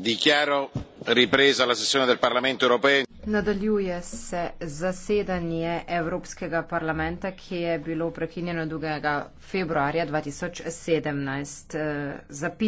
dichiaro ripresa la sessione del parlamento europeo. nadaljuje se zasedanje evropskega parlamenta ki je bilo prekinjeno 2 februarja 2017 zapisano je.